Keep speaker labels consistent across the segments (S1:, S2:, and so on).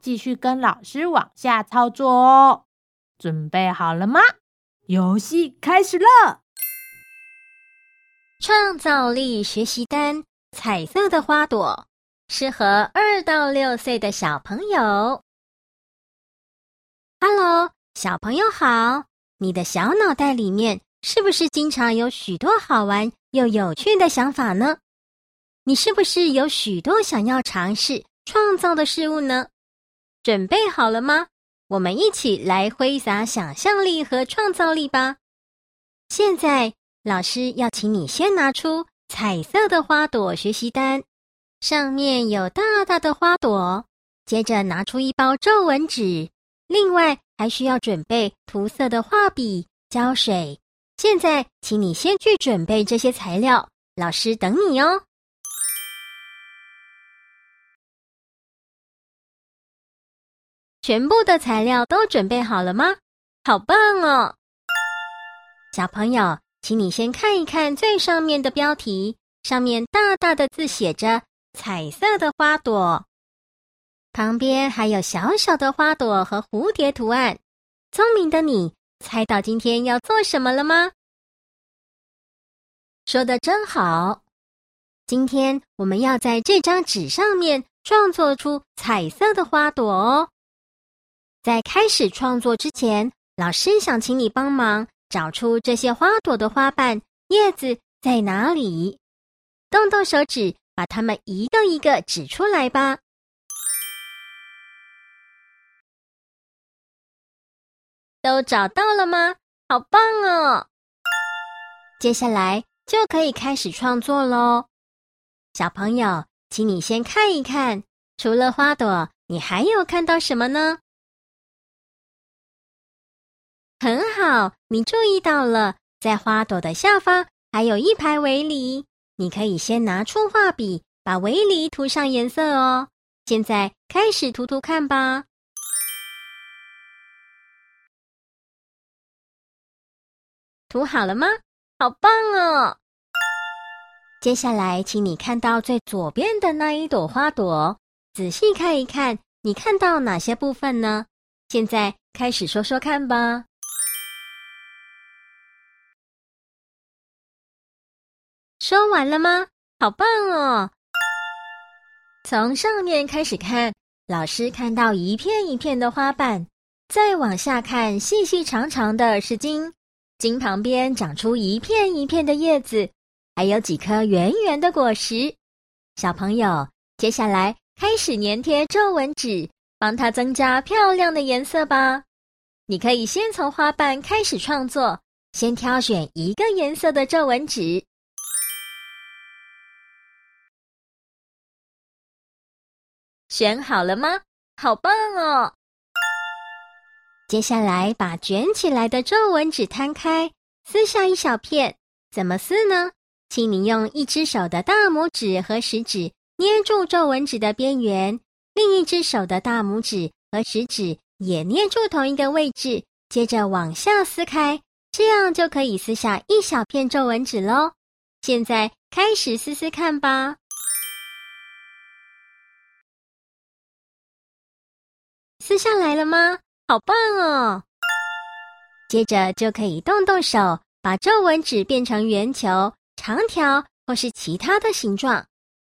S1: 繼續跟老師往下操作哦，準備好了嗎？遊戲開始了！創造力學習單，彩色的花朵，適合二到六歲的小朋友。Hello，小朋友好！你的小腦袋裡面是不是經常有許多好玩又有趣的想法呢？你是不是有許多想要嘗試創造的事物呢？準備好了嗎？我們一起來揮灑想象力和創造力吧！現在，老師要請你先拿出彩色的花朵學習單，上面有大大的花朵。接着拿出一包皺紋紙，另外還需要準備塗色的畫筆、膠水。現在，請你先去準備這些材料，老師等你哦。全部的材料都準備好了嗎？好棒哦！小朋友，請你先看一看最上面的標題，上面大大的字寫着“彩色的花朵”，旁邊還有小小的花朵和蝴蝶圖案。聰明的你，猜到今天要做什麼了嗎？說得真好！今天我們要在這張紙上面創作出彩色的花朵哦。在開始創作之前，老師想請你幫忙找出這些花朵的花瓣、葉子在哪裡。動動手指，把它們一個一個指出來吧。都找到了嗎？好棒哦！接下來就可以開始創作嘍。小朋友，請你先看一看，除了花朵，你還有看到什麼呢？很好，你注意到了，在花朵的下方還有一排圍籬。你可以先拿出畫筆，把圍籬塗上顏色哦。現在開始塗塗看吧。塗好了嗎？好棒哦！接下來，請你看到最左邊的那一朵花朵哦，仔細看一看，你看到哪些部分呢？現在開始說說看吧。說完了嗎？好棒哦！從上面開始看，老師看到一片一片的花瓣，再往下看，細細長長的是莖，莖旁邊長出一片一片的葉子，還有幾顆圓圓的果實。小朋友，接下來開始粘貼皺紋紙，幫它增加漂亮的顏色吧！你可以先從花瓣開始創作，先挑選一個顏色的皺紋紙。捲好了嗎？好棒哦！接下來把捲起來的皺紋紙攤開，撕下一小片。怎麼撕呢？請你用一只手的大拇指和食指捏住皺紋紙的邊緣，另一只手的大拇指和食指也捏住同一個位置，接着往下撕開，這樣就可以撕下一小片皺紋紙嘍。現在開始撕撕看吧！撕下來了嗎？好棒哦！接着就可以動動手，把皺紋紙變成圓球、長條或是其他的形狀。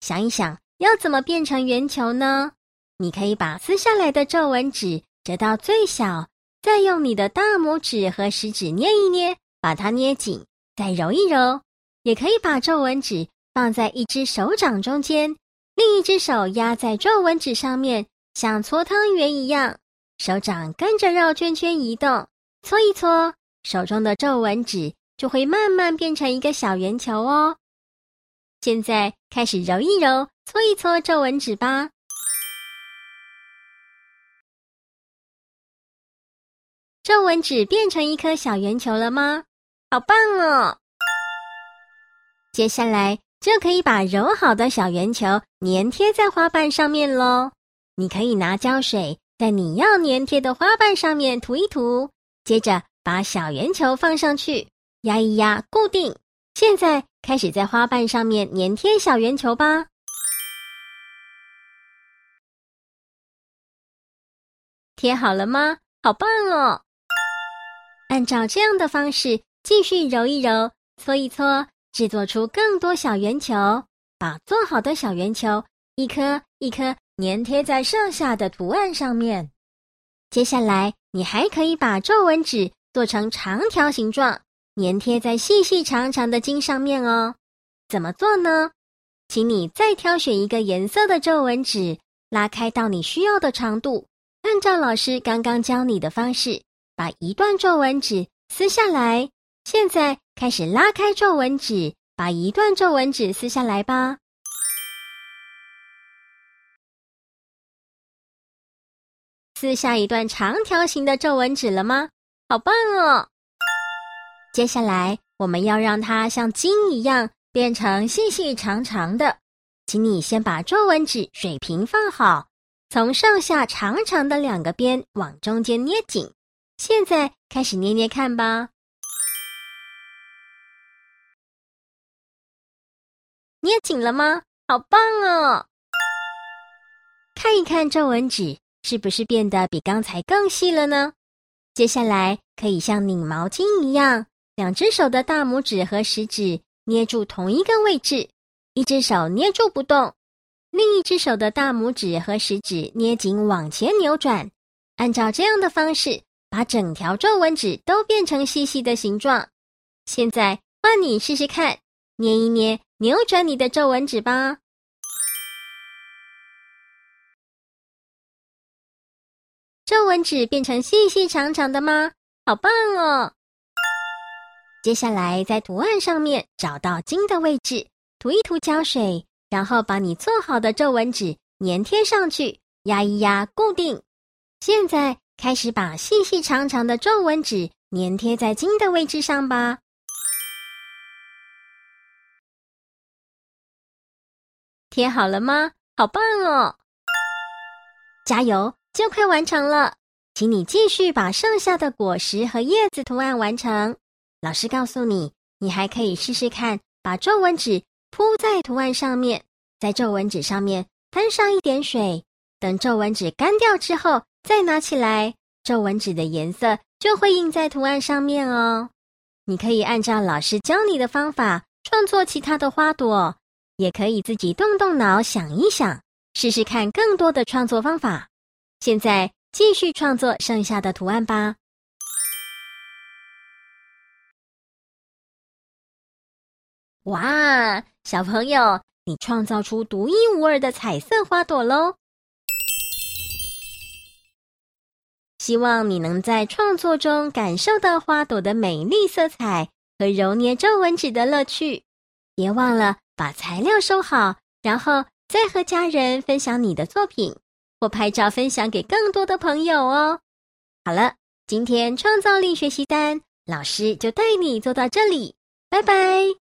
S1: 想一想，要怎麼變成圓球呢？你可以把撕下來的皺紋紙摺到最小，再用你的大拇指和食指捏一捏，把它捏緊，再揉一揉。也可以把皺紋紙放在一隻手掌中間，另一隻手壓在皺紋紙上面。像搓湯圓一樣，手掌跟着繞圈圈移動，搓一搓，手中的皺紋紙就會慢慢變成一個小圓球哦。現在開始揉一揉，搓一搓皺紋紙吧。皺紋紙變成一顆小圓球了嗎？好棒哦！接下來就可以把揉好的小圓球粘貼在花瓣上面嘍。你可以拿膠水在你要粘貼的花瓣上面塗一塗，接着把小圓球放上去，壓一壓固定。現在開始在花瓣上面粘貼小圓球吧。貼好了嗎？好棒哦！按照這樣的方式繼續揉一揉、搓一搓，製作出更多小圓球。把做好的小圓球一顆一顆，一顆一顆粘貼在剩下的圖案上面。接下來，你還可以把皺紋紙做成長條形狀，粘貼在細細長長的莖上面哦。怎麼做呢？請你再挑選一個顏色的皺紋紙，拉開到你需要的長度。按照老師剛剛教你的方式，把一段皺紋紙撕下來。現在開始拉開皺紋紙，把一段皺紋紙撕下來吧。撕下一段長條形的皺紋紙了嗎？好棒哦！接下來我們要讓它像筋一樣變成細細長長的。請你先把皺紋紙水平放好，從上下長長的兩個邊往中間捏緊。現在開始捏捏看吧。捏緊了嗎？好棒哦！看一看皺紋紙。是不是變得比剛才更細了呢？接下來可以像擰毛巾一樣，兩隻手的大拇指和食指捏住同一個位置，一隻手捏住不動，另一隻手的大拇指和食指捏緊往前扭轉。按照這樣的方式，把整條皺紋紙都變成細細的形狀。現在換你試試看，捏一捏，扭轉你的皺紋紙吧。皺紋紙變成細細長長的嗎？好棒哦！接下來在圖案上面找到莖的位置，塗一塗膠水，然後把你做好的皺紋紙粘貼上去，壓一壓固定。現在開始把細細長長的皺紋紙粘貼在莖的位置上吧。貼好了嗎？好棒哦！加油！就快完成了，請你繼續把剩下的果實和葉子圖案完成。老師告訴你，你還可以試試看，把皺紋紙鋪在圖案上面，在皺紋紙上面噴上一點水，等皺紋紙乾掉之後再拿起來，皺紋紙的顏色就會印在圖案上面哦。你可以按照老師教你的方法創作其他的花朵，也可以自己動動腦想一想，試試看更多的創作方法。現在繼續創作剩下的圖案吧！哇，小朋友，你創造出獨一無二的彩色花朵嘍！希望你能在創作中感受到花朵的美麗色彩和揉捏皺紋紙的樂趣。別忘了把材料收好，然後再和家人分享你的作品。或拍照分享給更多的朋友哦。好了，今天創造力學習單老師就帶你做到這裡，拜拜。